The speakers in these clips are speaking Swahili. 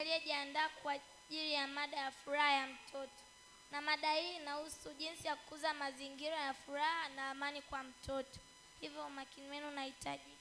aliyejiandaa kwa ajili ya mada ya furaha ya mtoto, na mada hii inahusu jinsi ya kukuza mazingira ya furaha na amani kwa mtoto. Hivyo umakini wenu unahitaji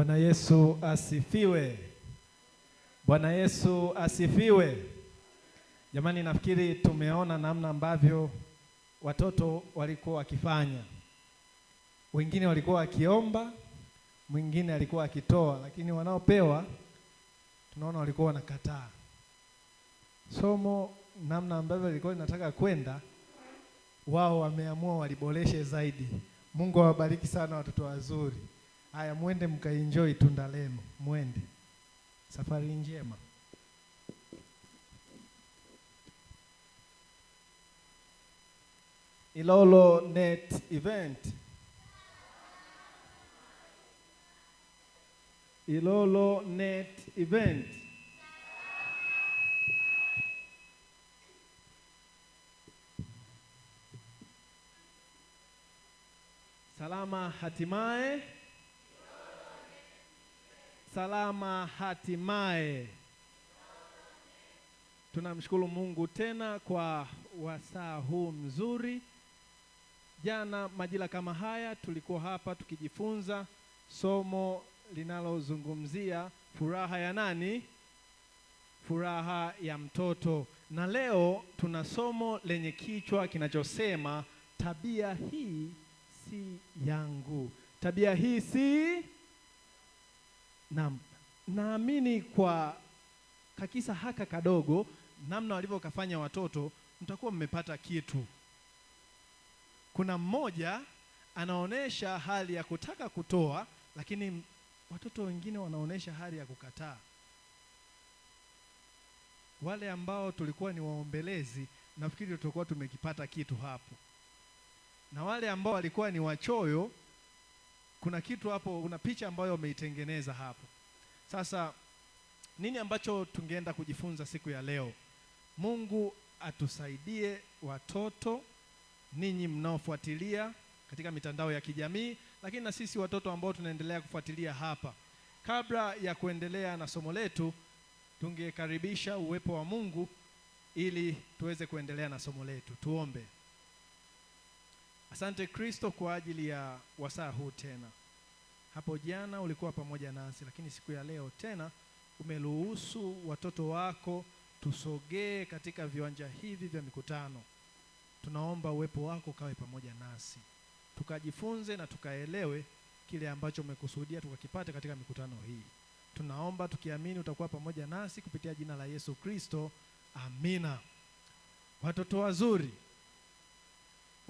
Bwana Yesu asifiwe. Bwana Yesu asifiwe. Jamani, nafikiri tumeona namna ambavyo watoto walikuwa wakifanya. Wengine walikuwa wakiomba, mwingine alikuwa akitoa, lakini wanaopewa tunaona walikuwa wanakataa. Somo namna ambavyo ilikuwa linataka kwenda, wao wameamua waliboreshe zaidi. Mungu awabariki sana watoto wazuri. Haya, mwende mkaenjoy tunda lenu, mwende. Safari njema. Ilolo Net Event. Ilolo Net Event. Salama hatimaye salama hatimaye. Tunamshukuru Mungu tena kwa wasaa huu mzuri. Jana majira kama haya tulikuwa hapa tukijifunza somo linalozungumzia furaha ya nani? Furaha ya mtoto. Na leo tuna somo lenye kichwa kinachosema tabia hii si yangu. Tabia hii si Naam, naamini kwa kakisa haka kadogo namna walivyokafanya watoto mtakuwa mmepata kitu. Kuna mmoja anaonyesha hali ya kutaka kutoa, lakini watoto wengine wanaonyesha hali ya kukataa. Wale ambao tulikuwa ni waombelezi, nafikiri tutakuwa tumekipata kitu hapo, na wale ambao walikuwa ni wachoyo kuna kitu hapo, kuna picha ambayo umeitengeneza hapo. Sasa nini ambacho tungeenda kujifunza siku ya leo? Mungu atusaidie watoto, ninyi mnaofuatilia katika mitandao ya kijamii, lakini na sisi watoto ambao tunaendelea kufuatilia hapa. Kabla ya kuendelea na somo letu, tungekaribisha uwepo wa Mungu ili tuweze kuendelea na somo letu. Tuombe. Asante Kristo kwa ajili ya wasaa huu tena. Hapo jana ulikuwa pamoja nasi, lakini siku ya leo tena umeruhusu watoto wako tusogee katika viwanja hivi vya mikutano. Tunaomba uwepo wako ukawe pamoja nasi, tukajifunze na tukaelewe kile ambacho umekusudia tukakipate katika mikutano hii. Tunaomba tukiamini utakuwa pamoja nasi kupitia jina la Yesu Kristo, amina. Watoto wazuri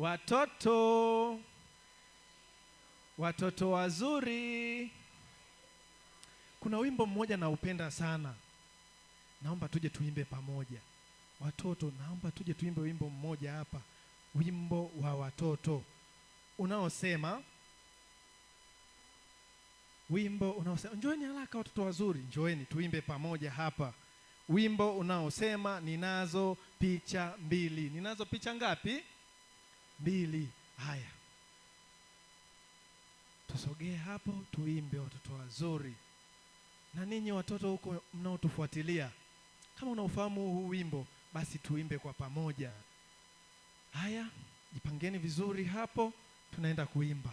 Watoto, watoto wazuri. Kuna wimbo mmoja naupenda sana, naomba tuje tuimbe pamoja. Watoto, naomba tuje tuimbe wimbo mmoja hapa, wimbo wa watoto unaosema wimbo unaosema njoeni haraka watoto wazuri, njoeni tuimbe pamoja hapa, wimbo unaosema ninazo picha mbili. Ninazo picha ngapi? mbili. Haya, tusogee hapo, tuimbe watoto wazuri. Na ninyi watoto huko mnaotufuatilia, kama unaofahamu huu wimbo, basi tuimbe kwa pamoja. Haya, jipangeni vizuri hapo, tunaenda kuimba.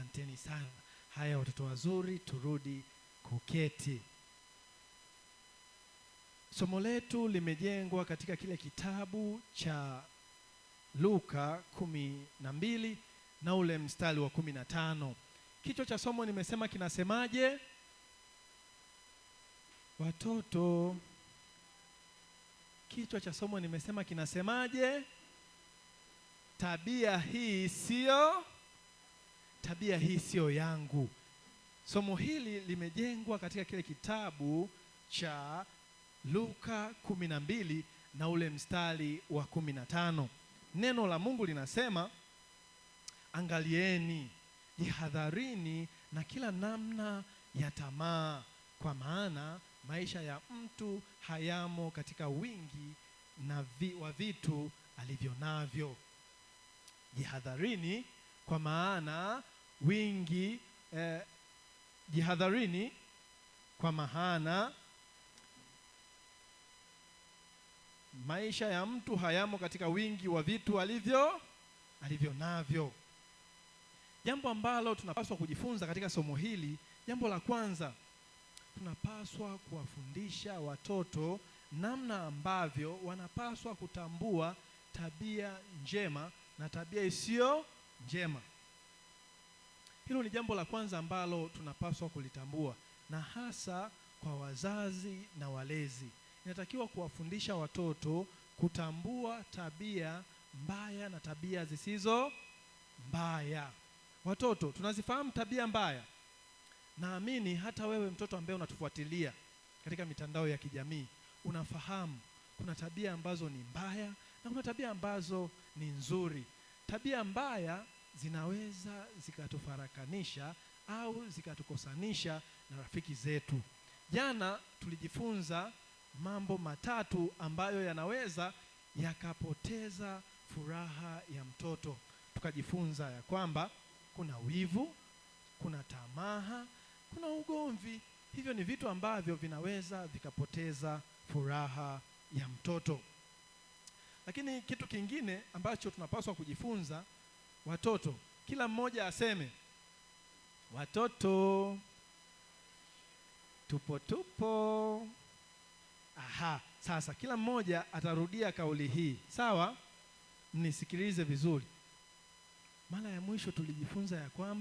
asanteni sana. Haya watoto wazuri, turudi kuketi. Somo letu limejengwa katika kile kitabu cha Luka kumi na mbili na ule mstari wa kumi na tano. Kichwa cha somo nimesema kinasemaje? Watoto, kichwa cha somo nimesema kinasemaje? Tabia hii siyo tabia hii siyo yangu. Somo hili limejengwa katika kile kitabu cha Luka 12 na ule mstari wa 15 Neno la Mungu linasema, angalieni, jihadharini na kila namna ya tamaa, kwa maana maisha ya mtu hayamo katika wingi na vi, wa vitu alivyo navyo. Jihadharini, kwa maana wingi eh, jihadharini, kwa mahana maisha ya mtu hayamo katika wingi wa vitu alivyo alivyo navyo. Jambo ambalo tunapaswa kujifunza katika somo hili, jambo la kwanza, tunapaswa kuwafundisha watoto namna ambavyo wanapaswa kutambua tabia njema na tabia isiyo njema. Hilo ni jambo la kwanza ambalo tunapaswa kulitambua, na hasa kwa wazazi na walezi, inatakiwa kuwafundisha watoto kutambua tabia mbaya na tabia zisizo mbaya. Watoto tunazifahamu tabia mbaya. Naamini hata wewe mtoto ambaye unatufuatilia katika mitandao ya kijamii unafahamu kuna tabia ambazo ni mbaya na kuna tabia ambazo ni nzuri. Tabia mbaya zinaweza zikatufarakanisha au zikatukosanisha na rafiki zetu. Jana tulijifunza mambo matatu ambayo yanaweza yakapoteza furaha ya mtoto. Tukajifunza ya kwamba kuna wivu, kuna tamaha, kuna ugomvi. Hivyo ni vitu ambavyo vinaweza vikapoteza furaha ya mtoto. Lakini kitu kingine ambacho tunapaswa kujifunza Watoto, kila mmoja aseme watoto. Tupo tupo. Aha, sasa kila mmoja atarudia kauli hii, sawa? Mnisikilize vizuri. Mara ya mwisho tulijifunza ya kwamba